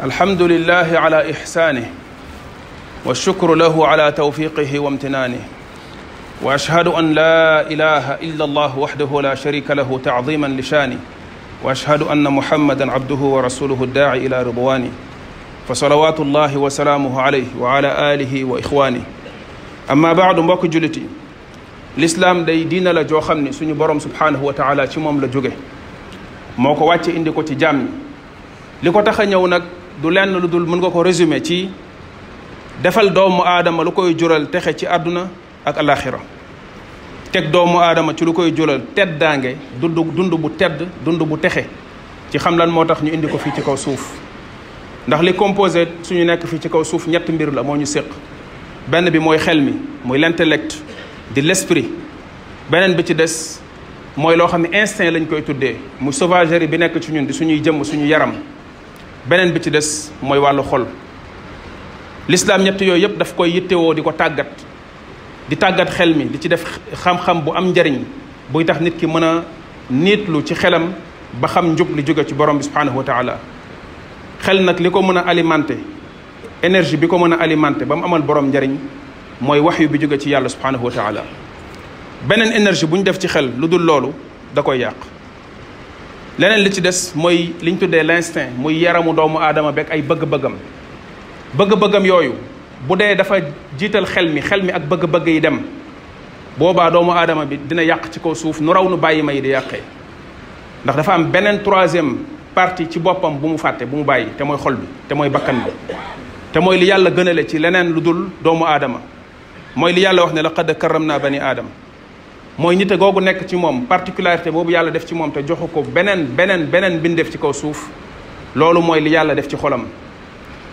alhamdulillahi ala ihsaanihi wa shukru lahu ala tawfiqihi wa imtinaanihi wa ashhadu an laa ilaha illa allah waxdahu la sharika lahu taadiman li shaani wa ashhadu anna muhammadan abduhu wa rasuluhu daaci ila ridwaani fa salawaatu llahi wa salaamuhu alayhi wa ala alihi wa ixwaani amma baadu mbokk jullit yi lislaam day diina la joo xam ni suñu borom subhaanahu wa taala ci moom la jóge moo ko wàcce indi ko ci jaam ñi li ko tax a ñëw nag du lenn lu dul mën nga ko résumer ci defal doomu aadama lu koy jural texe ci àdduna ak alaxira teg doomu aadama ci lu koy jural teddaange dund dund bu tedd dund bu texe ci xam lan moo tax ñu indi ko fii ci kaw suuf ndax li composé suñu nekk fii ci kaw suuf ñett mbir la moo ñu séq benn bi mooy xel mi muy l'intellect di l'esprit beneen bi ci des mooy loo xam ne instinct lañ koy tuddee mu sauvagerie bi nekk ci ñun di suñuy jëmm suñu yaram beneen bi ci des mooy wàllu xol lislaam ñetti yooyu yëpp daf koy yittewoo di ko tàggat di tàggat xel mi di ci def xam-xam bu am njariñ buy tax nit ki mën a niitlu ci xelam ba xam njub li jóge ci borom bi subhaanahu wa taala xel nag li ko mën a alimenté énergie bi ko mën a alimenté ba mu amal borom njariñ mooy wax yu bi jóge ci yàlla subhaanahu wa taala beneen énergie bu ñu def ci xel lu dul loolu da koy yàq leneen li ci des mooy li ñu tuddee l'instinct muy yaramu doomu aadama beeg ay bëgg-bëggam bëgg-bëggam yooyu bu dee dafa jiital xel mi xel mi ak bëgg-bëgg yi dem boobaa doomu aadama bi dina yàq ci kaw suuf nu raw nu bàyyi may di yàqee ndax dafa am beneen troisième partie ci boppam bu mu fàtte bu mu bàyyi te mooy xol bi te mooy bakkan bi te mooy li yàlla gënale ci leneen lu dul doomu aadama mooy li yàlla wax ne laqad karram naa ba ni aadama mooy nite googu nekk ci moom particularité boobu yàlla def ci moom te joxu ko beneen beneen beneen bindeef ci kaw suuf loolu mooy li yàlla def ci xolam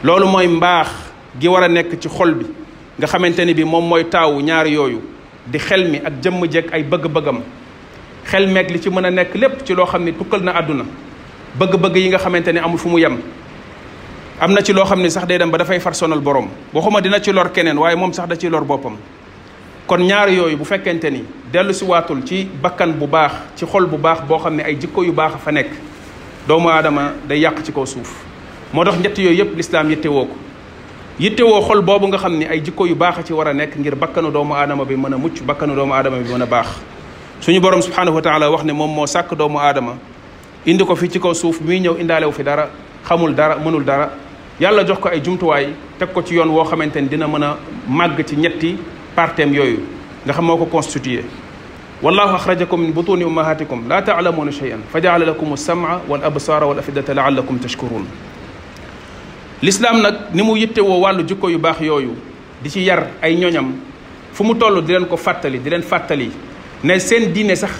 loolu mooy mbaax gi war a nekk ci xol bi nga xamante ni bi moom mooy taawu ñaari yooyu di xel mi ak jëmm jeeg ay bëgg-bëggam xel meek li ci mën a nekk lépp ci loo xam ni tukkal na àdduna bëgg-bëgg yi nga xamante ni amul fu mu yem am na ci loo xam ni sax day dem ba dafay farsonal borom waxuma dina ci lor keneen waaye moom sax da ciy lor boppam kon ñaari yooyu bu fekkente ni dellu si waatul ci bakkan bu baax ci xol bu baax boo xam ne ay jikko yu baax a fa nekk doomu aadama day yàq ci kow suuf moo tax ñett yooyu yëpp lislaam yittewoo ko yittewoo xol boobu nga xam ne ay jikko yu baax a ci war a nekk ngir bakkanu doomu aadama bi mën a mucc bakkanu doomu aadama bi mën a baax suñu borom subhanahu wa taala wax ne moom moo sàkk doomu aadama indi ko fi ci kaw suuf muy ñëw indaalewu fi dara xamul dara mënul dara yàlla jox ko ay jumtuwaay teg ko ci yoon woo xamante ni dina mën a màgg ci ñetti partem yooyu nga xam moo ko constitué wallahu axrajakum min butuni ummahatikum la taalamuuna cheyan fa jaala lakum alsam'a wal absara wal afidata laallakum tashkurun lislaam nag ni mu yittewoo wàllu jikko yu baax yooyu di ci yar ay ñoñam fu mu toll di leen ko fàttali di leen fàttali ne seen diine sax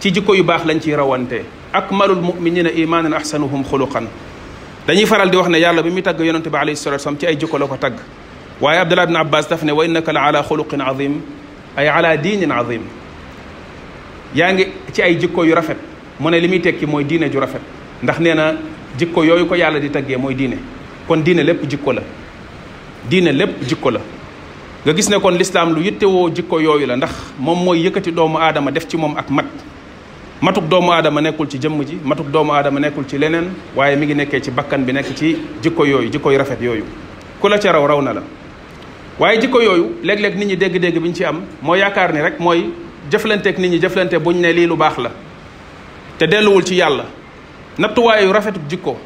ci jikko yu baax lañ ci rawante akmalul muminina imaanan ahsanuhum xuluqan dañuy faral di wax ne yàlla bi muy tagg yonente bi alayhi salatu wasalam ci ay jikko la ko tagg waaye abdullah ibn abbas daf ne wa innaka la ala xuluqin azim ay ala diinin azim yaa ngi ci ay jikko yu rafet mu ne li muy tekki mooy diine ju rafet ndax nee na jikko yooyu ko yàlla di taggee mooy diine kon diine lépp jikko la diine lépp jikko la nga gis ne kon lislaam lu woo jikko yooyu la ndax moom mooy yëkkati doomu aadama def ci moom ak mat matuk doomu aadama nekkul ci jëmm ji matuk doomu aadama nekkul ci leneen waaye mi ngi nekkee ci bakkan bi nekk ci jikko yooyu jikko yu rafet yooyu ku raw na la waaye jikko yooyu léeg-léeg nit ñi dégg-dégg bi ñu ci am moo yaakaar ni rek mooy jëflanteek nit ñi jëflante buñ ne lii lu baax la te delluwul ci yàlla nattuwaayu rafetu jikko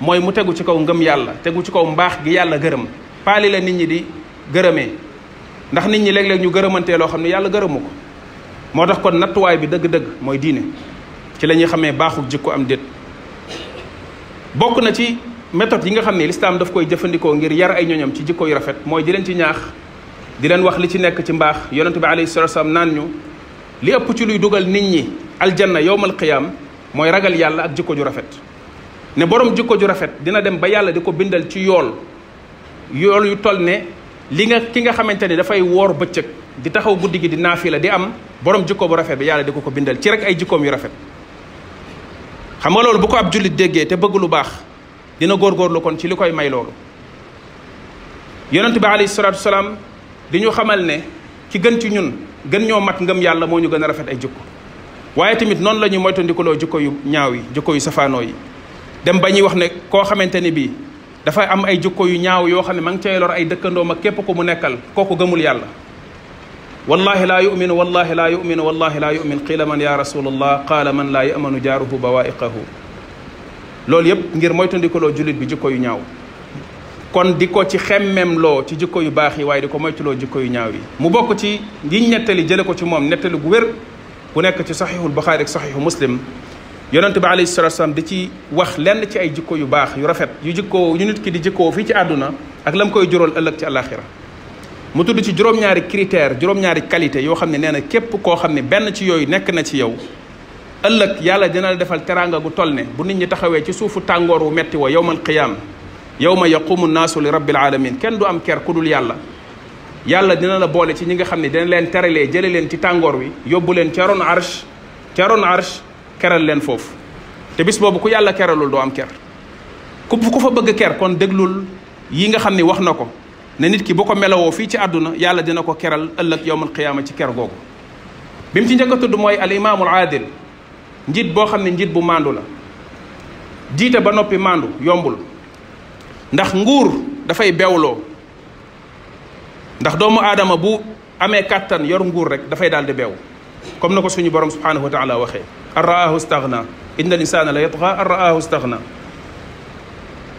mooy mu tegu ci kaw ngëm yàlla tegu ci kaw mbaax gi yàlla gërëm paali la nit ñi di gërëmee ndax nit ñi léeg-léeg ñu gërëmantee loo xam ne yàlla gërëmu ko moo tax kon nattuwaay bi dëgg-dëgg mooy diine ci la ñuy xamee baaxuk jikko am déet bokk na ci méthode yi nga xam ne lislaam dafa koy jëfandikoo ngir yar ay ñoñam ci jikko yu rafet mooy di leen ci ñaax di leen wax li ci nekk ci mbaax yonente bi alayhi salatu wasalam naan ñu li ëpp ci luy dugal nit ñi aljanna yowmal qiyaam mooy ragal yàlla ak jikko ju rafet ne borom jikko ju rafet dina dem ba yàlla di ko bindal ci yool yool yu toll ne li nga ki nga xamante ni dafay woor bëccëg di taxaw guddi gi di naafila di am borom jikko bu rafet bi yàlla di ko ko bindal ci rek ay jikkoom yu rafet xam nga loolu bu ko ab jullit déggee te bëgg lu baax dina góor góorgóorlu kon ci li koy may loolu yonent bi alayhi salaatu salaam di ñu xamal ne ki gën ci ñun gën ñoo mat ngëm yàlla moo ñu gën a rafet ay jikko waaye tamit noonu la ñuy moytandikuloo jikko yu ñaaw yi jikko yu safaanoo yi dem ba ñuy wax ne koo xamante ni bii dafa am ay jikko yu ñaaw yoo xam ne ma ngi cay lor ay dëkkandoom ak képp ku mu nekkal kooku gëmul yàlla wallahi laa yuminu wallahi laa yuminu wallahi laa yumin qiila man ya rasulullah qaala man laa yamanu jaaruhu bawaiqahu loolu yëpp ngir moytandikuloo jullit bi jikko yu ñaaw kon di ko ci loo ci jikko yu baax yi waaye di ko moytuloo jikko yu ñaaw yi mu bokk ci yiñ nettali jële ko ci moom nettali gu wér bu nekk ci saxiixul buxaari ak saxiixu muslim yonente bi alayhi salatu salaam di ci wax lenn ci ay jikko yu baax yu rafet yu jikkoo yu nit ki di jikkoo fii ci àdduna ak lam koy jural ëllëg ci àllaaxira mu tudd ci juróom-ñaari critère juróom-ñaari qualité yoo xam ne nee na képp koo xam ne benn ci yooyu nekk na ci yow ëllëg yàlla dina la defal teraanga gu toll ne bu nit ñi taxawee ci suufu tàngoor wu metti wa yowmal qiyaam yowma yaqumu naasu li rabbil alamin kenn du am ker ku dul yàlla yàlla dina la boole ci ñi nga xam ne dina leen teralee jële leen ci tàngoor wi yóbbu leen ca ron arsh ca ron arsh keral leen foofu te bis boobu ku yàlla keralul doo am ker ku fa bëgg ker kon déglul yi nga xam ne wax na ko ne nit ki boo ko melawoo fii ci àdduna yàlla dina ko keral ëllëg yowmal qiyaama ci ker googu bi mu ci mooy al imaamul njiit boo xam ne njiit bu maandu la jiite ba noppi maandu yombul ndax nguur dafay bewloo ndax doomu aadama bu amee kàttan yor nguur rek dafay daal di bew comme na ko suñu borom subhanahu wa taala waxee an raahu staghna inna al insana la yatgha an raahu staghna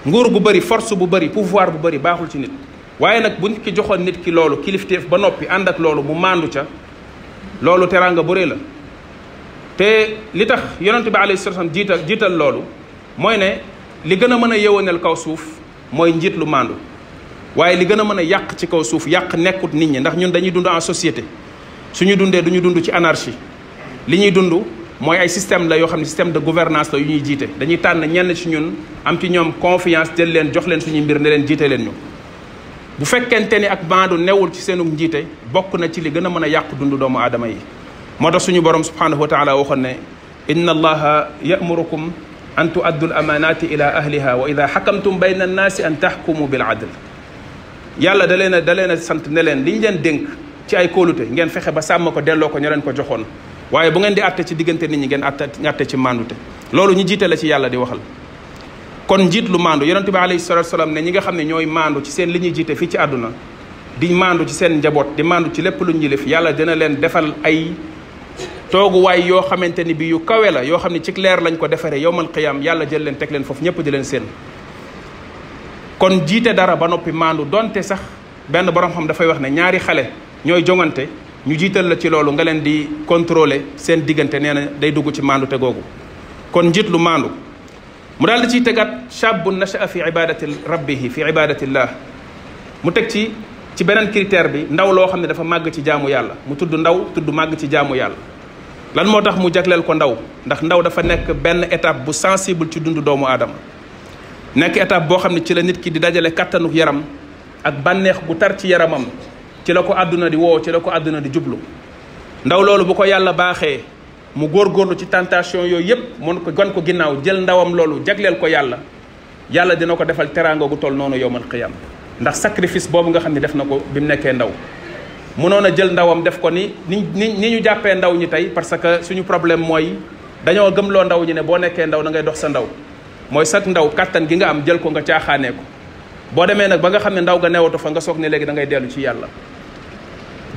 nguur bu bari force bu bari pouvoir bu bari baaxul ci nit waaye nag buñ ki joxoon nit ki loolu kilifteef ba noppi ànd ak loolu mu maandu ca loolu teraanga bu la te li tax yonente bi alayhi salaam jiital jiital loolu mooy ne li gën a mën a yëwaneel kaw suuf mooy njiit lu maandu waaye li gën a mën a yàq ci kaw suuf yàq nekkut nit ñi ndax ñun dañuy dund en société suñu dundee duñu dund ci anarchie li ñuy dund mooy ay système la yoo xam ne système de gouvernance la yu ñuy jiite dañuy tànn ñenn ci ñun am ci ñoom confiance jël leen jox leen suñuy mbir ne leen jiite leen ñu bu fekkente ni ak maandu newul ci seenu njiite bokk na ci li gën a mën a yàq dund doomu aadama yi moo tax suñu borom subhanahu wa taala waxoon ne inna allaha yamurukum an tuaddu l amanati ila ahliha wa ida xakamtum bayna annaasi an taxkumu bil adl yàlla da leen a da a sant ne leen li ñu leen dénk ci ay koolute ngeen fexe ba sàmm ko delloo ko ña leen ko joxoon waaye bu ngeen di atte ci diggante nit ñi ngeen atte atte ci mandute loolu ñu jiite la ci yàlla di waxal kon njiit lu maandu yonente bi alayhi salatu salaam ne ñi nga xam ne ñooy maandu ci seen li ñuy jiite fii ci àdduna di maandu ci seen njaboot di maandu ci lépp lu ñu yilif yàlla dina leen defal ay tooguwaay yoo xamante ni bi yu kawee la yoo xam ne ci leer lañ ko defaree yowmal qiyaam yàlla jël leen teg leen foofu ñëpp di leen seen kon jiite dara ba noppi maandu donte sax benn borom xam dafay wax ne ñaari xale ñooy jongante ñu jiital la ci loolu nga leen di contrôler seen diggante nee na day dugg ci maandu te kon njiit lu maandu mu daal di ciy tegaat shaabun nashaa fi ibadati rabbihi fi ibadatillah mu teg ci ci beneen critère bi ndaw loo xam ne dafa màgg ci jaamu yàlla mu tudd ndaw tudd màgg ci jaamu yàlla lan moo tax mu jagleel ko ndaw ndax ndaw dafa nekk benn étape bu sensible ci dund doomu aadama nekk étape boo xam ne ci la nit ki di dajale kattanu yaram ak bànneex bu tar ci yaramam ci la ko àdduna di woo ci la ko àdduna di jublu ndaw loolu bu ko yàlla baaxee mu góor góorlu ci tentation yooyu yépp mën ko gon ko ginnaaw jël ndawam loolu jagleel ko yàlla yàlla dina ko defal teraanga gu toll noonu yowmal qiyam ndax sacrifice boobu nga xam ne def na ko bi mu nekkee ndaw mënoon a jël ndawam def ko ni ni ni ñu jàppee ndaw ñi tey parce que suñu problème mooy dañoo gëmloo ndaw ñi ne boo nekkee ndaw da ngay dox sa ndaw mooy sag ndaw kattan gi nga am jël ko nga caaxaanee ko boo demee nag ba nga xam ne ndaw ga newatu fa nga soog ne léegi dangay dellu ci yàlla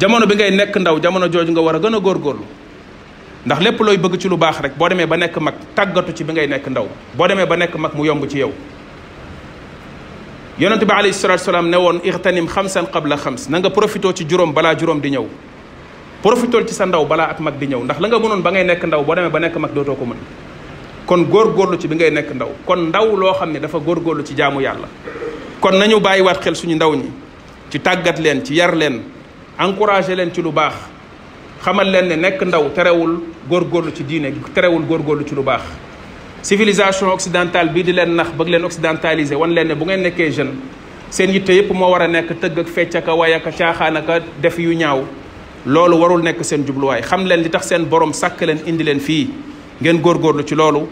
jamono bi ngay nekk ndaw jamono jooju nga war a gën a góorgóorlu ndax lépp looy bëgg ci lu baax rek boo demee ba nekk mag tàggatu ci bi ngay ndaw boo demee ba nekk mag mu yomb ci yow yonente bi alayhi salatu salaam ne woon xam seen xab la xams na nga profitoo ci juróom balaa juróom di ñëw profitool ci sa ndaw balaa ak mag di ñëw ndax la nga mënoon ba ngay nekk ndaw boo demee ba nekk mag dootoo ko mën kon góorgóorlu ci bi ngay nekk ndaw kon ndaw loo xam ne dafa góorgóorlu ci jaamu yàlla kon nañu waat xel suñu ndaw ñi ci tàggat leen ci yar leen encouragé leen ci lu baax xamal leen ne nekk ndaw terewul góorgóorlu ci diine terewul góorgóorlu ci lu baax civilisation occidentale bii di leen nax bëgg leen occidentaliser wan leen ne bu ngeen nekkee jeune seen yitte yépp moo war a nekk tëgg ak fecc ak way ak caaxaan ak def yu ñaaw loolu warul nekk seen jubluwaay xam leen li tax seen borom sàkk leen indi leen fii ngeen góor góorgóorlu ci loolu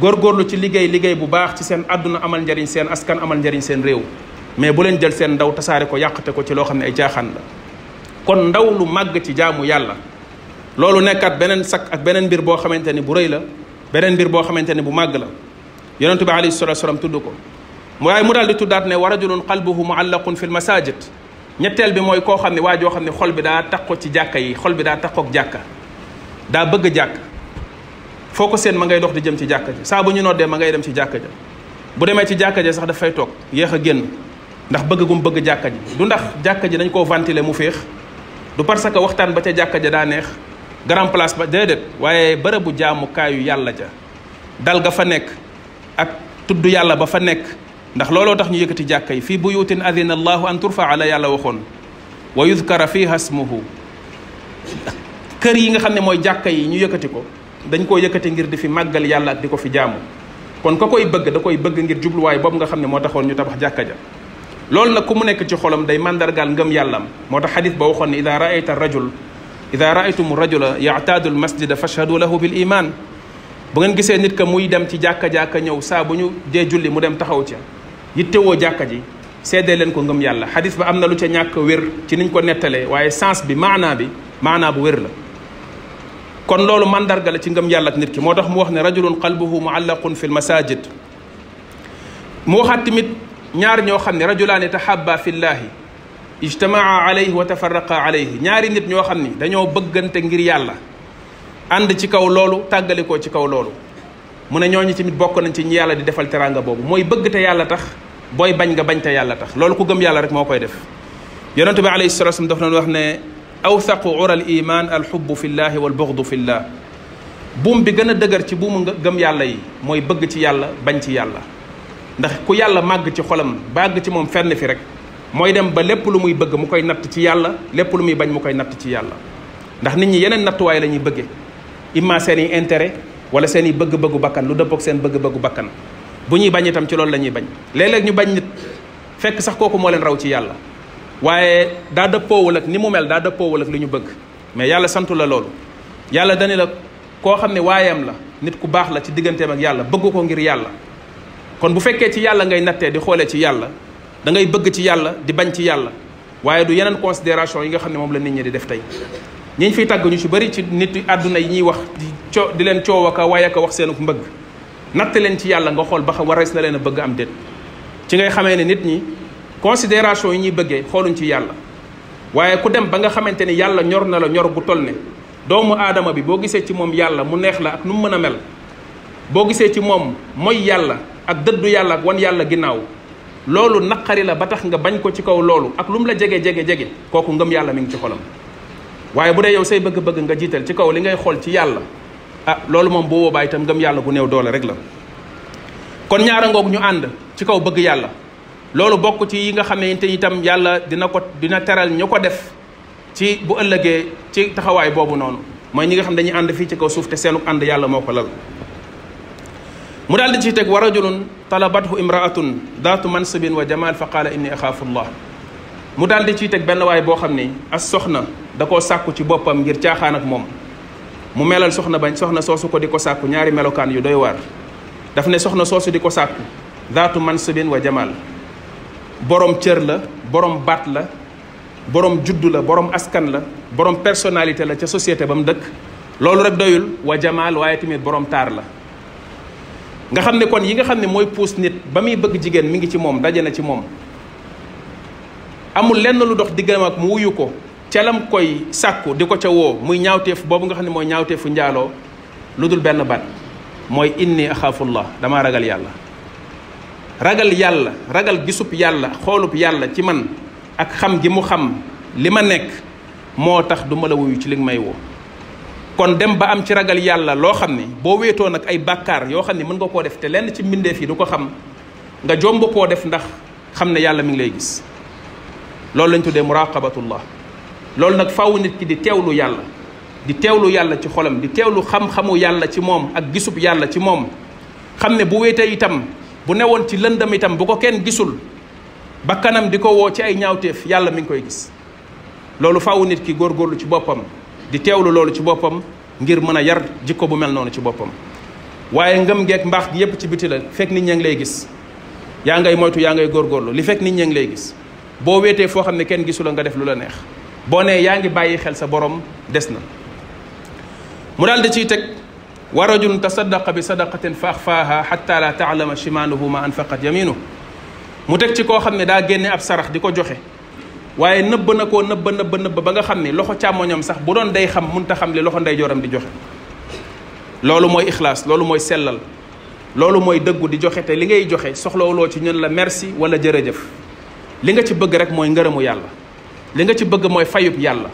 góor góorgóorlu ci liggéey liggéey bu baax ci seen àdduna amal njariñ seen askan amal njariñ seen réew mais bu leen jël seen ndaw tasaare ko yàqate ko ci loo xam ne ay caaxaan kon ndaw lu màgg ci jaamu yàlla loolu nekkaat beneen sakk ak beneen mbir boo xamante ni bu rëy la beneen mbir boo xamante ne bu màgg la yonentu bi alayhi salatu wasalam tudd ko waaye mu daal di tuddaat ne war wa rajulun qalbuhu muallaqun fi l masajid ñetteel bi mooy koo xam ne waa joo xam ne xol bi daa taqo ci jàkka yi xol bi daa taqoog jàkka daa bëgg jàkk foo ko seen ma ngay dox di jëm ci jàkk ja saa bu ñu noddee ma ngay dem ci jàkka ja bu demee ci jàkka ja sax dafay toog yéex a génn ndax bëgg gum bëgg jàkka ji du ndax jàkk ji dañ koo ventiler mu feex du parce que waxtaan ba ca jàkka ja daa neex grand place ba déedéet waaye bërëbu jaamukaayu yàlla ja dal ga fa nekk ak tudd yàlla ba fa nekk ndax looloo tax ñu yëkkati jàkka yi fii buyutin adina allahu an turfaa la yàlla waxoon wa yudkara fiha smuhu kër yi nga xam ne mooy jàkka yi ñu yëkkati ko dañ koo yëkkati ngir di fi màggal yàlla ak di ko fi jaamu kon ka koy bëgg da koy bëgg ngir jubluwaay boobu nga xam ne moo taxoon ñu tabax jàkka ja loolu nag ku mu nekk ci xolam day mandargaal ngëm yàllam moo tax xadis ba waxoon ne ida raayta ida raaytum rajula yaataadu al masjida fashhadu lahu bil iman bu ngeen gisee nit ka muy dem ci jàkka-jàkka ñëw saabu ñu dee julli mu dem taxaw ca yittewoo jàkka ji seedee leen ko ngëm yàlla xadis ba am na lu ca ñàkk wér ci niñ ko nettale waaye sens bi maanaa bi maanaa bu wér la kon loolu mandarga la ci ngëm yàlla nit ki moo tax mu wax ne rajulun qalbuhu muallaqun fi l masajid mu waxaat tamit ñaar ñoo xam ne rajulaani tahabba fi llaahi ijtamaa alayhi wa tafarraqa alayhi ñaari nit ñoo xam ni dañoo bëggante ngir yàlla ànd ci kaw loolu tàggalikoo ci kaw loolu mu ne ñoo ñooñu tamit bokk nañ ci ñi yàlla di defal teraanga boobu mooy bëgg te yàlla tax booy bañ nga bañ te yàlla tax loolu ku gëm yàlla rek moo koy def yonentu bi alayhi salatu wasallam daf doon wax ne aw ura al iman al hubbu fi llahi wal bughdu fi buum bi gën a dëgër ci buum nga gëm yàlla yi mooy bëgg ci yàlla bañ ci yàlla ndax ku yàlla màgg ci xolam bàgg ci moom fenn fi rek mooy dem ba lépp lu muy bëgg mu koy natt ci yàlla lépp lu muy bañ mu koy natt ci yàlla ndax nit ñi yeneen nattuwaay la bëgge bëggee imma seen i intérêt wala seen i bëgg-bëggu bakkan lu dëppook seen bëgg-bëggu bàkkan bu ñuy bañ itam ci loolu la ñuy bañ léeg ñu bañ nit fekk sax kooku moo leen raw ci yàlla waaye daa dëppoowul ak ni mu mel daa dëppoowul ak li ñu bëgg mais yàlla santu la loolu yàlla dani la koo xam ne waayam la nit ku baax la ci digganteem ak yàlla bëgg ko ngir yàlla kon bu fekkee ci yàlla ngay nattee di xoolee ci yàlla da ngay bëgg ci yàlla di bañ ci yàlla waaye du yeneen considération yi nga xam ne moom la nit ñi di def tey ñiñ fiy tàgg ñu ci bëri ci nit àdduna yi ñuy wax di co di leen coow aka waaye aka wax seen mbëgg natt leen ci yàlla nga xool ba xam warees na leen a bëgg am déet ci ngay xamee ne nit ñi considération yi ñuy bëggee xooluñ ci yàlla waaye ku dem ba nga xamante ni yàlla ñor na la ñor bu toll ne doomu aadama bi boo gisee ci moom yàlla mu neex la ak nu mu mën a mel boo gisee ci moom mooy yàlla ak dëddu yàlla ak wan yàlla ginnaaw loolu naqari la ba tax nga bañ ko ci kaw loolu ak lu mu la jege jege jege kooku ngëm yàlla mi ngi ci xolam waaye bu dee yow say bëgg-bëgg nga jiital ci kaw li ngay xool ci yàlla ah loolu moom boo boobaa itam ngëm yàlla gu néew doole rek la kon ñaara ngoog ñu ànd ci kaw bëgg yàlla loolu bokk ci yi nga xamante itam yàlla dina ko dina teral ñu ko def ci bu ëllëgee ci taxawaay boobu noonu mooy ñi nga xam dañuy ànd fii ci kaw suuf te seenu ànd yàlla moo ko lal mu daal di ciy teg wa rajulun talabathu imraatun daatu mansibin wa jamal fa qaala inni axaafu mu daal di ciy teg benn waay boo xam ni ak soxna da koo sàkku ci boppam ngir caaxaan ak moom mu melal soxna bañ soxna soosu ko di ko sàkku ñaari melokaan yu doy waar daf ne soxna soosu di ko sàkku daatu mansibin wa jamal boroom cër la borom baat la borom juddu la borom askan la borom personnalité la ca société ba mu dëkk loolu rek doyul wa jamaal waaye tamit borom taar la nga xam ne kon yi nga xam ne mooy puus nit ba muy bëgg jigéen mi ngi ci moom daje na ci moom amul lenn lu dox diggam ak mu wuyu ko ca lam koy sàkku di ko ca woo muy ñaawteef boobu nga xam ne mooy ñaawteefu njaaloo lu dul benn bat mooy inni axaafullah damaa ragal yàlla ragal yàlla ragal gisub yàlla xoolub yàlla ci man ak xam gi mu xam li ma nekk moo tax du ma la wuyu ci li may woo kon dem ba am ci ragal yàlla loo xam ne boo wéetoo nag ay bàkkaar yoo xam ne mën nga koo def te lenn ci mbindeef yi du ko xam nga jomb koo def ndax xam ne yàlla mi ngi lay gis loolu lañ tuddee muraqabatullah loolu nag faaw nit ki di teewlu yàlla di teewlu yàlla ci xolam di teewlu xam yàlla ci moom ak gisub yàlla ci moom xam ne bu wéetee itam bu newoon ci lëndam itam bu ko kenn gisul bakkanam di ko woo ci ay ñaawteef yàlla mi ngi koy gis loolu faaw nit ki góorgóorlu ci boppam di teew lu loolu ci boppam ngir mën a yar jikko bu mel noonu ci boppam waaye ngëm geeg mbaax gi yépp ci biti la fekk nit ñaa ngi lay gis yaa ngay moytu yaa ngay góorgóorlu li fekk nit ñaa ngi lay gis boo wéetee foo xam ne kenn gisu la nga def lu la neex boo nee yaa ngi bàyyi xel sa borom des na mu daal di ciy teg wa rajulun tasaddaqa bi sadaqatin fa axfaaha xatta la taalama shimaanuhu ma anfaqat yaminu mu teg ci koo xam ne daa génne ab sarax di ko joxe waaye nëbb na koo nëbb nëbb nëbb ba nga xam ni loxo càmmoñam sax bu doon day xam munta xam li loxo ndeyjooram di joxe loolu mooy ixlaas loolu mooy sellal loolu mooy dëggu di joxe te li ngay joxe soxlawuloo ci ñun la merci wala jërëjëf li nga ci bëgg rek mooy ngërëmu yàlla li nga ci bëgg mooy fayub yàlla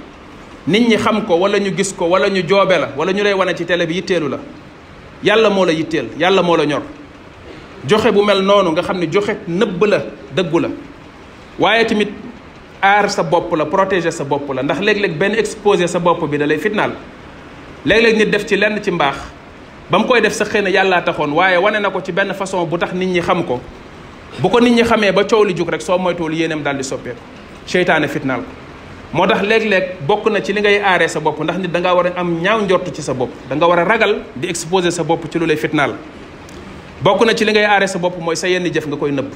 nit ñi xam ko wala ñu gis ko wala ñu joobe la wala ñu lay wane ci télé bi yitteelu la yàlla moo la yitteel yàlla moo la ñor joxe bu mel noonu nga xam ne joxe nëbb dëggu la aar sa bopp la protéger sa bopp la ndax léeg-léeg benn exposé sa bopp bi da lay fitnaal léeg-léeg nit def ci lenn ci mbaax ba mu koy def sa xëy na yàllaa taxoon waaye wane na ko ci benn façon bu tax nit ñi xam ko bu ko nit ñi xamee ba coow li jug rek soo moytuwul yéeneem daal di soppeeku seytaane fitnaal moo tax léeg-léeg bokk na ci li ngay aaree sa bopp ndax nit da war a am ñaaw njort ci sa bopp danga war a ragal di exposé sa bopp ci lu lay fitnaal bokk na ci li aaree sa bopp mooy sa yenn jëf nga koy nëbb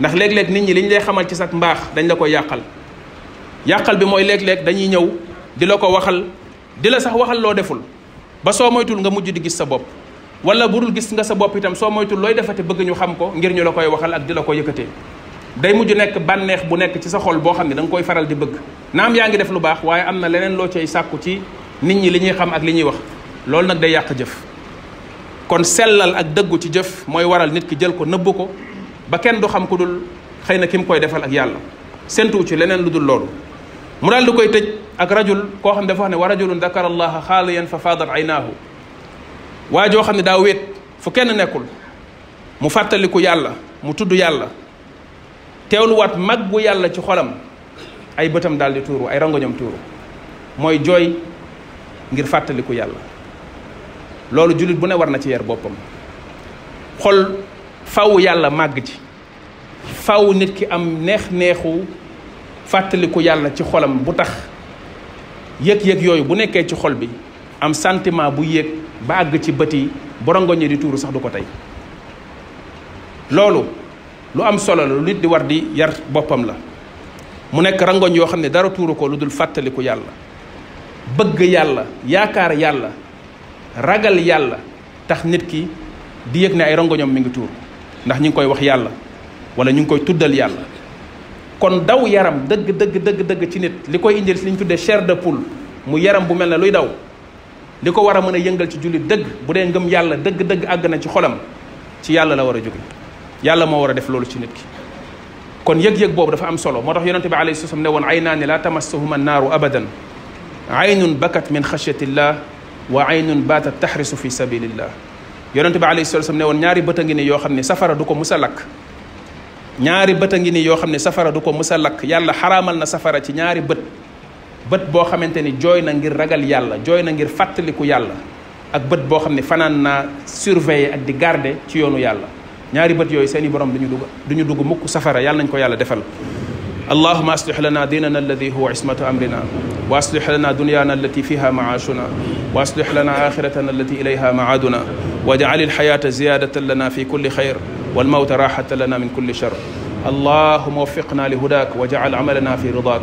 ndax léeg-léeg nit ñi li ñu lay xamal ci sax mbaax dañ la koy yàqal yàqal bi mooy léeg-léeg dañuy ñëw di la ko waxal di la sax waxal loo deful ba soo moytul nga mujj di gis sa bopp wala budul gis nga sa bopp itam soo moytul looy defate bëgg ñu xam ko ngir ñu la koy waxal ak di la ko yëkkatee day mujj nekk bànneex bu nekk ci sa xol boo xam ne danga koy faral di bëgg naam yaa ngi def lu baax waaye am na leneen loo cay sàkku ci nit ñi li ñuy xam ak li ñuy wax loolu nag day yàq jëf kon sellal ak dëggu ci jëf mooy waral nit ki jël ko nëbbu ko ba kenn du xam ku dul xëy na kim koy defal ak yàlla séntuwu ci leneen lu dul loolu mu daal di koy tëj ak rajul koo xam ne dafa wax ne wa rajulun dakara allaha xaaliyan fa faadat aynaahu waa joo xam ne daa wéet fu kenn nekkul mu fàttaliku yàlla mu tudd yàlla teewluwaat mag bu yàlla ci xolam ay bëtam daal di tuuru ay rangoñam tuuru mooy jooy ngir fàttaliku yàlla loolu jullit bu ne war na ci yar boppam xol faw yàlla màgg ci faw nit ki am neex neexu fàttaliku yàlla ci xolam bu tax yëg-yëg yooyu bu nekkee ci xol bi am sentiment bu yéeg ba àgg ci bët yi borongoñe di tuuru sax du ko tey loolu lu am solo la lu nit di war di yar boppam la mu nekk rangoñ yoo xam ne dara tuuru ko lu dul fàttaliku yàlla bëgg yàlla yaakaar yàlla ragal yàlla tax nit ki di yëg ne ay rangoñam mi ngi tuur ndax ñu ngi koy wax yàlla wala ñu ngi koy tuddal yàlla kon daw yaram dëgg dëgg dëgg dëgg ci nit li koy indi si li ñu tuddee chair de poule mu yaram bu mel ne luy daw li ko war a mën a yëngal ci jullit dëgg bu dee ngëm yàlla dëgg dëgg àgg na ci xolam ci yàlla la war a jóge yàlla moo war a def loolu ci nit ki kon yëg-yëg boobu dafa am solo moo tax yonente bi alayhi salaam ne woon aynaani laa tamassahuma naaru abadan aynun bakat min xashyati llah wa aynun baatat taxrisu fi sabilillah yonente bi alayhi salaam ne woon ñaari bët a ngi ni yoo xam ne safara du ko mus lakk ñaari bët a ngi ni yoo xam ne safara du ko mus a lakk yàlla xaraamal na safara ci ñaari bët bët boo xamante ni jooy na ngir ragal yàlla jooy na ngir fàttaliku yàlla ak bët boo xam ne fanaan naa surveiller ak di garde ci yoonu yàlla ñaari bët yooyu seen i borom duñu dugg duñu dugg mukk safara yàlla nañ ko yàlla defal اللهم اصلح لنا ديننا الذي هو عصمة أمرنا واصلح لنا دنيانا التي فيها معاشنا واصلح لنا آخرتنا التي إليها معادنا واجعل الحياة زيادة لنا في كل خير والموت راحة لنا من كل شر اللهم وفقنا لهداك واجعل عملنا في رضاك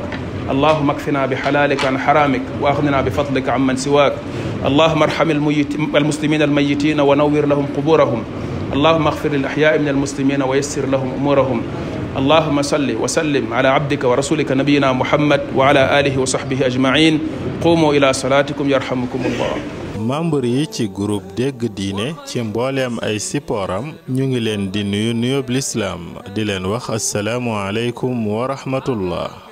اللهم اكفنا بحلالك عن حرامك واغننا بفضلك عمن سواك اللهم ارحم المسلمين الميتين ونور لهم قبورهم اللهم اغفر للأحياء من المسلمين ويسر لهم أمورهم allahuma salli wa sallim ala abdika wa rasulika nabiyina muhammad wa ala alihi wa sahbihi ajmain qumu ila salatikum yarhamukum allah membre yi ci groupe dégg diine ci mbooleem ay sipooram ñu ngi leen di nuyu nuyób lislaam di leen wax asalaamu aleykum wa rahmatullah